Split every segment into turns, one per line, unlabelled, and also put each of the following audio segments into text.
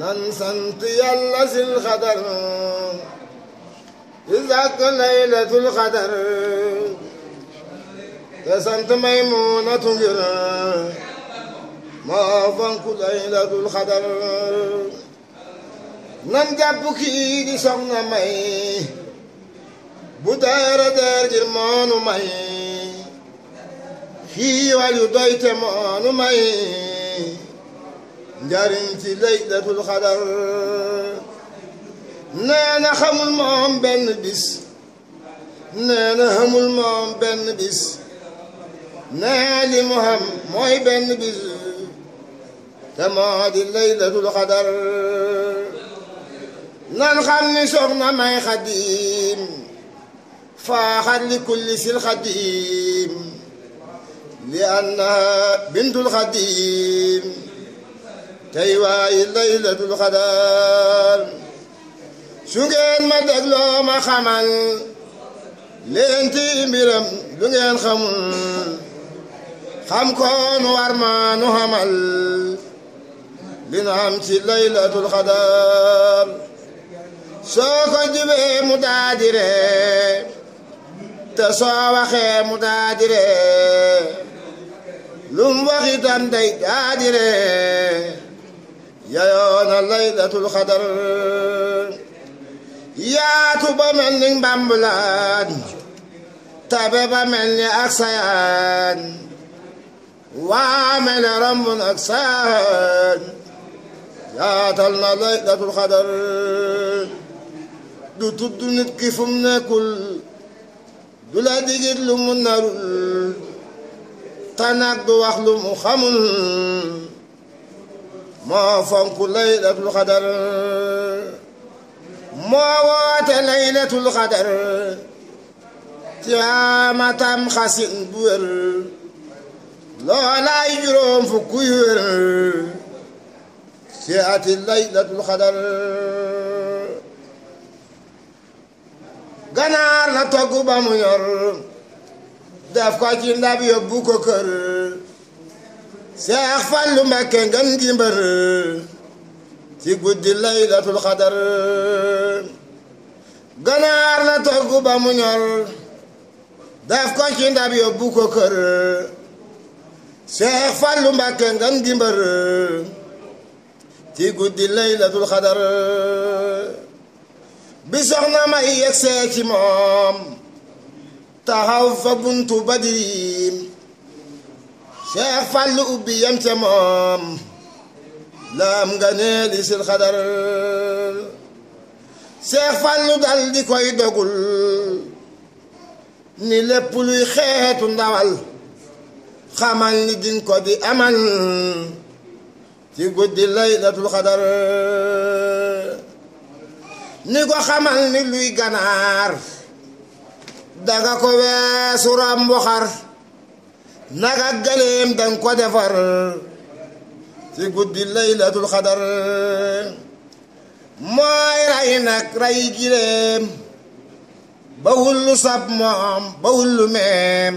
nan sant yàlla sil xadar di sàkk laylatul xadar te sant maymunatu ngir moo fonk laylatul xadar nan jàpp kii di soxna may bu deere deer ngir moonu may xiiwal yu doy te moonu may njariñ ci laylatul xadar nee na xamul moom benn bis na li mu xam mooy benn bis te moo di xadar nan xam ni soxna may xadim faaxat li kulli sil xadim li anna bintul xadim tey waayi laylatul xadar su ngeen ma dégloo xamal leen ci mbiram lu xamul xam ko nu war li nu am ci laylatul xadar soo ko jibee mu daadire te soo waxee mu daadire lum waxitam day daadire yayoona laylatul ba mel ni mbambulaan tabe ba mel ni ak sayaan waa mel ni romb nag sayaan yaatal na laylatul xadar du tudd nit ki fu mu du la digit lu mu narul te du wax lu mu xamul moo fonk laylatul xadar moo woote laylatul xadar ci amatam xasin bu wér loolaay juróom fukk yu wér ci laylatul xadar ganaar la togg ba mu ñor def ko ci ndab yóbbu ko kër seex fallu mbakke ngën ji mbër ci guddi laylatul xadar ganaar la togg ba mu ñor daf ko ci ndab yóbbu ko kër seex fallu mbakke ngën ji mbër ci guddi laylatul xadar bi soxna may yegsee ci taxaw fa buntu badiim Cheikh Fallu ubbi yem ca moom laam nga nee li sil xadar Cheikh Fallu dal di koy dogul ni lépp luy xeetu ndawal xamal ni din ko di amal ci guddi laylatul xadar ni ko xamal ni luy ganaar danga ko weesu ram mboxar naka gëneem danga ko defar ci guddi laylatul xadar mooy ray nag ba wullu sab moom ba wullu meem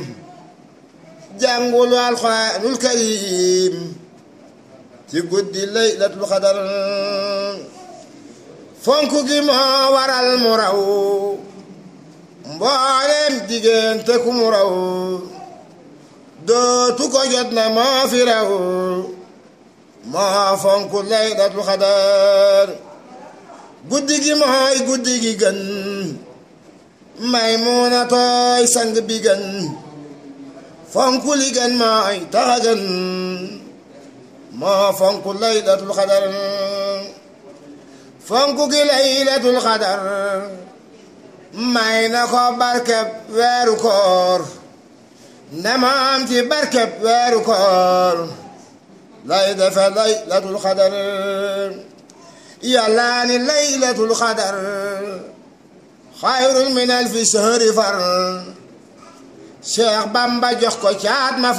jàngulu alxuraanul karim ci guddi laylatul xadar fonk moo waral mu raw mbooleem diggante ku dootu ko jot na moo fi raw moo fonk laylatul xadar guddi gi mooy guddi gi gën may muuna tooy sang bi gën fonk li gën mooy taxa gën moo fonk laylatul xadar fonk gi na ko barkeb weeru koor ndamaam ci barkeb weeru koor lay defe laylatul xadar yàllaa ni laylatul xadar xayrun min alfi sahri far Bamba jox ko caat ma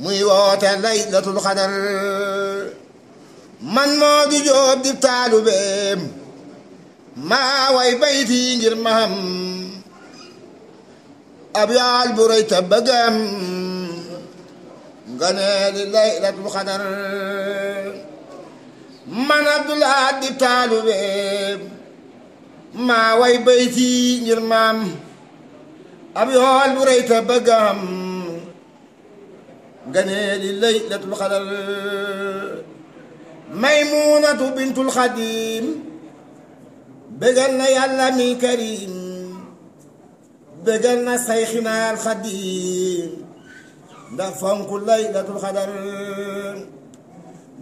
muy woote laylatul xadar man moo di jóob di taalubeem maa way bayti ngir maham ab yaal bu rëy te bëggam nga ne li man abdulaat di taalube maa way bayti ngir maam ab yool bu rëy te bëggam nga ne karim bégal na say xinaal xadim ndax fonk laylatul xadar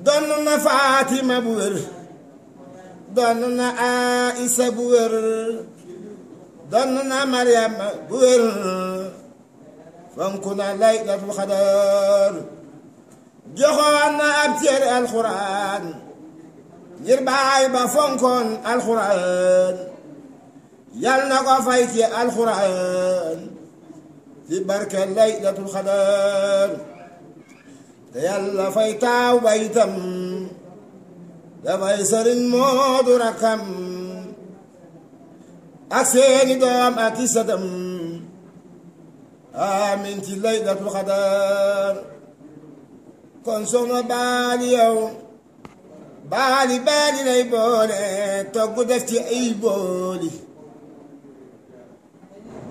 donn na Fatima bu wér na Aïssa bu wér na Mariam bu wér na laylatul xadar joxoon na alxuraan ngir baay alxuraan yal na ko fay ci alxuraan ci barke laylatul xadar te yàlla fay taaw ba itam dafay sëriñ moodu rakam ak seeni doom ak i sëtam amin ci laylatul xadar kon soxna baali baali baali lay boole togg def ci ay booli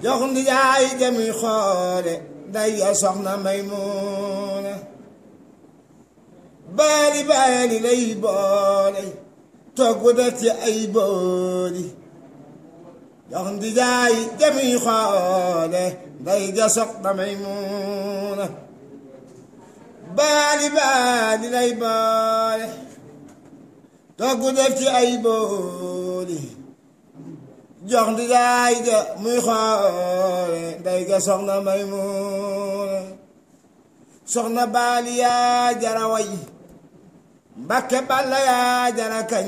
jox ndijaay jami xoole day ya soxna Maymuna baali baali lay boole togg def ci ay booli jox ndijaay jami xoole day ja soxna Maymuna baali baali lay boole togg def ci ay booli jox di jaay ja muy xoole day ga soxna may muune soxna baali yaa jara way mbakke balla yaa jara kañ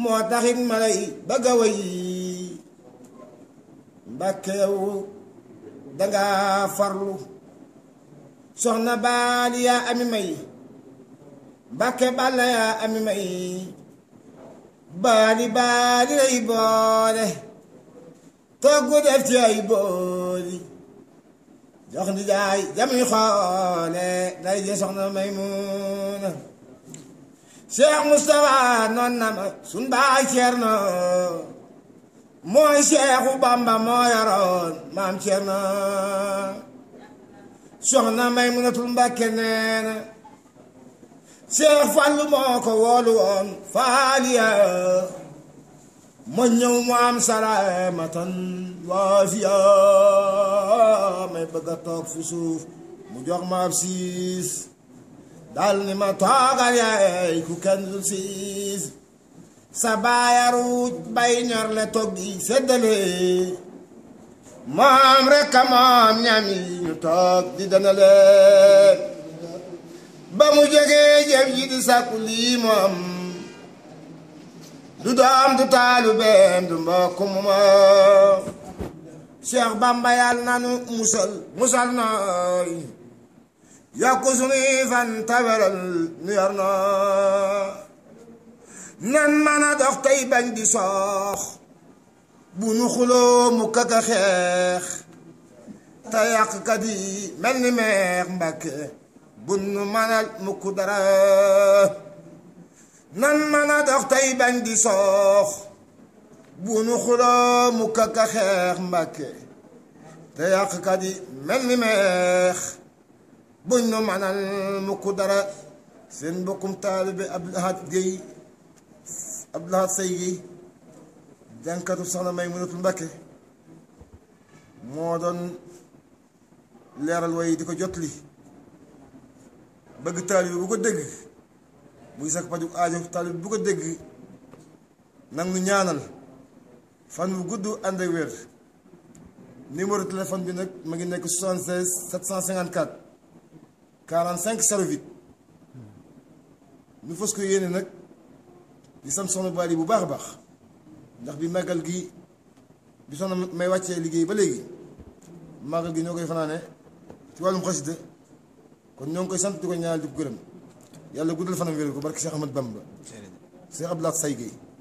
moo taxit ma lay bëgg way mbakke danga farlu soxna baali yaa ami may mbakke balla yaa ami may baali baali lay boole toggu def ci ay booli jox ni jaay jamuy xoole day je soxna Maymuna Cheikh Moustapha noon na ma sun baay Cerno mooy Cheikhu Bamba moo yoroon maam Cerno soxna Maymunatul Mbàkke nee na Seex Fallu moo ko woolu woon faaliya ma ñëw mu am salaamatan waafiya may bëgg a toog fi suuf mu jox ma ab dal ni ma toogal yaay ku kenn dul siis sa bay ñor le toog di séddale moom rekk moom ñam ñu toog di dana ba mu jógee jëf ji di sàkku lii mu du doom du taalubeem du mbokk mu ma Bamba yàlla nanu musal musal nooy yokku sunuy fan nu yor noo mana dox tey bañ di soox bu nu xuloo mu kaka xeex te yàqkat yi mel meex Mbàkke bu nu manal mukk dara nan man dox tey di soox bu nu xuloo mukk ak xeex mbàkke te yàqkat yi mel meex buñ nu manal mukk dara seen mbokkum taalibe Abdou Lahad Guèye Abdou Lahad Seye Guèye jànkatu soxna may mënatul mbàkke moo doon leeral way di ko jot li bëgg taalibe bu ko dégg muy sax paju aajo taalibe bu ko dégg nag nu ñaanal fan bu gudd ànd ak wér numéro téléphone bi nag ma ngi nekk 76 754 45 08 nu fas ko yéene nag di sam soxna Bally bu baax a baax ndax bi màggal gi bi soxna may wàccee liggéey ba léegi màggal gi ñoo koy fanaane ci wàllum xasida kon ñoo ngi koy sant di ko ñaanal di gërëm yàlla guddal fanam wér ko barke Cheikh Ahmad Bamba Cheikh Abdoulaye Say Gueye